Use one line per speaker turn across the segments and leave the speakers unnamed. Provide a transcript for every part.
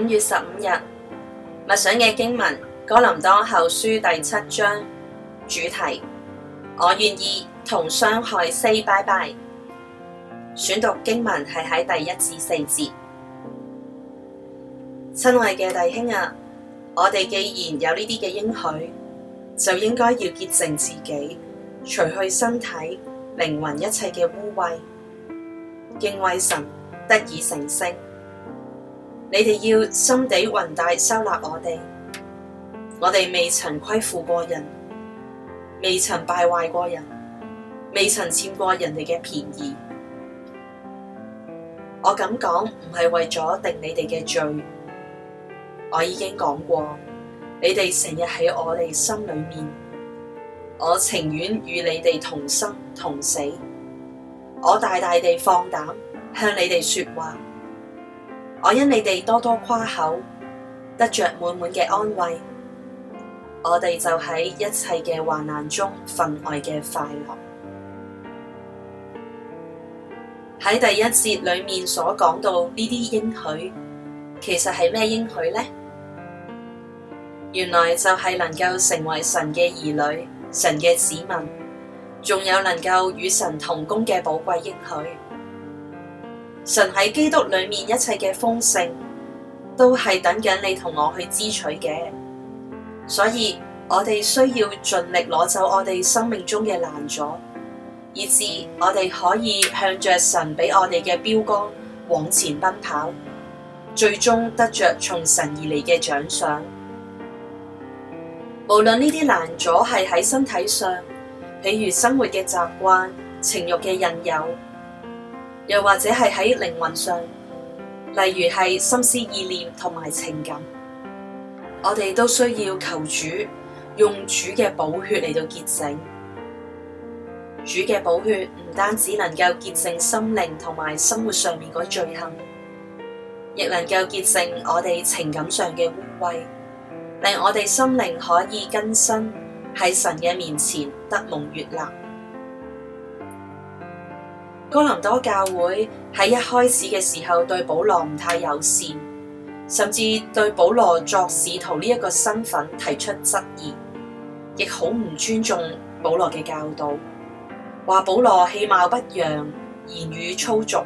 五月十五日，默想嘅經文《哥林多後書》第七章，主題：我願意同傷害 say bye bye。選讀經文係喺第一至四節。親愛嘅弟兄啊，我哋既然有呢啲嘅應許，就應該要潔淨自己，除去身體、靈魂一切嘅污穢，敬畏神得以成聖。你哋要心地宏大，收納我哋，我哋未曾虧負過人，未曾敗壞過人，未曾佔過人哋嘅便宜。我咁講唔係為咗定你哋嘅罪，我已經講過，你哋成日喺我哋心裏面，我情願與你哋同生同死，我大大地放膽向你哋說話。我因你哋多多誇口，得着滿滿嘅安慰，我哋就喺一切嘅患難中分外嘅快樂。喺第一節裏面所講到呢啲應許，其實係咩應許呢？原來就係能夠成為神嘅兒女、神嘅子民，仲有能夠與神同工嘅寶貴應許。神喺基督裏面一切嘅豐盛，都係等緊你同我去支取嘅，所以我哋需要盡力攞走我哋生命中嘅難阻，以至我哋可以向着神俾我哋嘅標杆往前奔跑，最終得着從神而嚟嘅獎賞。無論呢啲難阻係喺身體上，譬如生活嘅習慣、情慾嘅引誘。又或者係喺靈魂上，例如係心思意念同埋情感，我哋都需要求主用主嘅寶血嚟到潔淨。主嘅寶血唔單止能夠潔淨心靈同埋生活上面個罪行，亦能夠潔淨我哋情感上嘅污穢，令我哋心靈可以更新，喺神嘅面前得蒙悅納。哥林多教會喺一開始嘅時候對保羅唔太友善，甚至對保羅作使徒呢一個身份提出質疑，亦好唔尊重保羅嘅教導，話保羅其貌不揚、言語粗俗。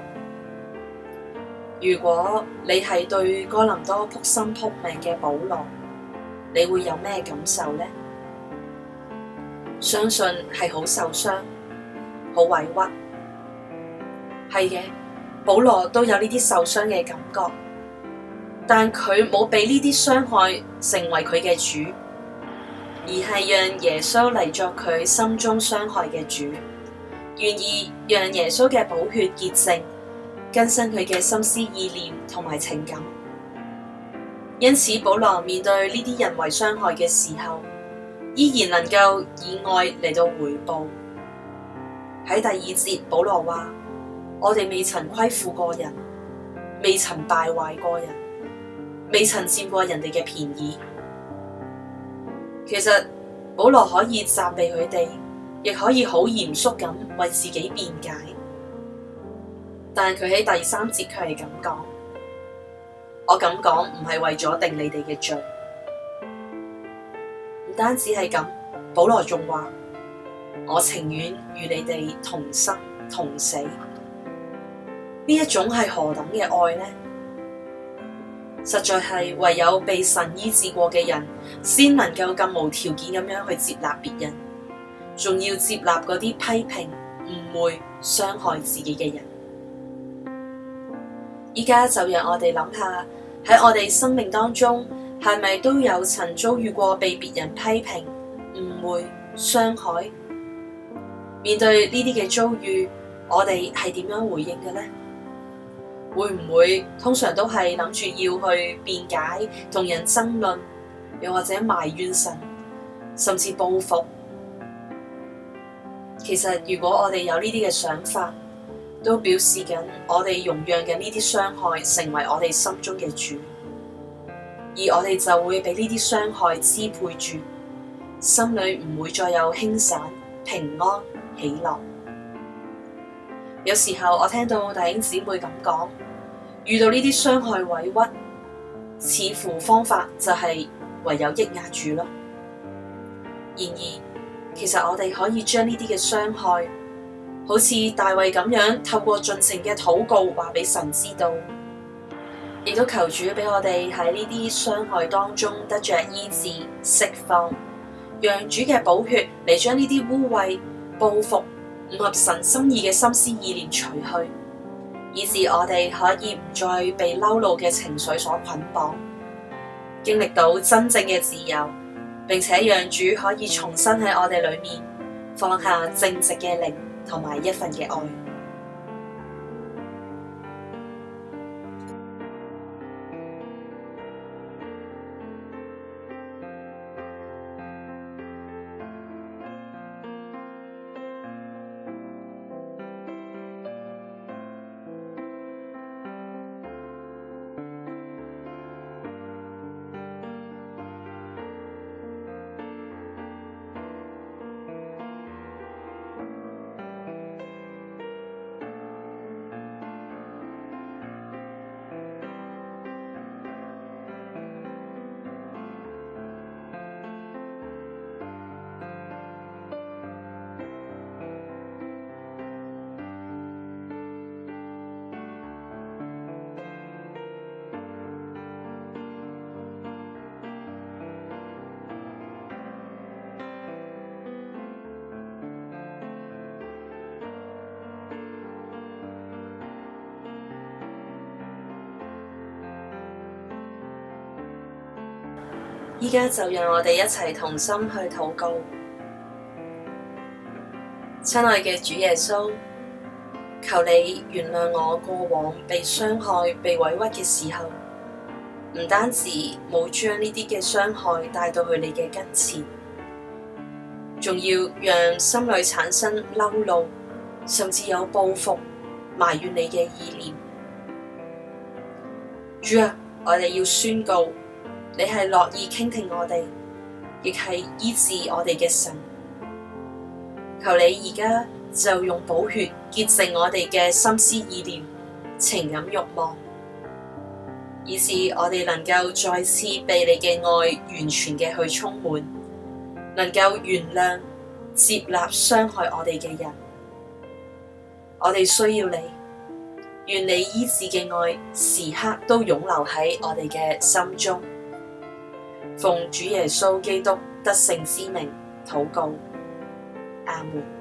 如果你係對哥林多撲心撲命嘅保羅，你會有咩感受呢？相信係好受傷、好委屈。係嘅，保羅都有呢啲受傷嘅感覺，但佢冇俾呢啲傷害成為佢嘅主，而係讓耶穌嚟作佢心中傷害嘅主，願意讓耶穌嘅寶血潔淨更新佢嘅心思意念同埋情感。因此，保羅面對呢啲人為傷害嘅時候，依然能夠以愛嚟到回報。喺第二節，保羅話。我哋未曾虧負過人，未曾敗壞過人，未曾佔過人哋嘅便宜。其實保羅可以責備佢哋，亦可以好嚴肅咁為自己辯解。但係佢喺第三節卻係咁講：我咁講唔係為咗定你哋嘅罪。唔單止係咁，保羅仲話：我情願與你哋同生同死。呢一種係何等嘅愛呢？實在係唯有被神醫治過嘅人，先能夠咁無條件咁樣去接納別人，仲要接納嗰啲批評、誤會、傷害自己嘅人。依家就讓我哋諗下，喺我哋生命當中，係咪都有曾遭遇過被別人批評、誤會、傷害？面對呢啲嘅遭遇，我哋係點樣回應嘅呢？會唔會通常都係諗住要去辯解、同人爭論，又或者埋怨神，甚至報復？其實如果我哋有呢啲嘅想法，都表示緊我哋容讓緊呢啲傷害成為我哋心中嘅主，而我哋就會俾呢啲傷害支配住，心裏唔會再有輕省、平安、喜樂。有時候我聽到弟兄姐妹咁講，遇到呢啲傷害委屈，似乎方法就係唯有抑壓住咯。然而，其實我哋可以將呢啲嘅傷害，好似大衛咁樣，透過盡情嘅禱告，話俾神知道，亦都求主俾我哋喺呢啲傷害當中得着醫治釋放，讓主嘅寶血嚟，將呢啲污穢報復唔合神心意嘅心思意念除去，以致我哋可以唔再被嬲怒嘅情緒所捆綁，經歷到真正嘅自由，並且讓主可以重新喺我哋裏面放下正直嘅靈同埋一份嘅愛。而家就讓我哋一齊同心去禱告，親愛嘅主耶穌，求你原諒我過往被傷害、被委屈嘅時候，唔單止冇將呢啲嘅傷害帶到去你嘅跟前，仲要讓心裏產生嬲怒，甚至有報復、埋怨你嘅意念。主啊，我哋要宣告。你係樂意傾聽我哋，亦係醫治我哋嘅神。求你而家就用寶血潔淨我哋嘅心思意念、情感慾望，以致我哋能夠再次被你嘅愛完全嘅去充滿，能夠原諒接納傷害我哋嘅人。我哋需要你，願你醫治嘅愛時刻都湧流喺我哋嘅心中。奉主耶穌基督得勝之名，禱告，阿門。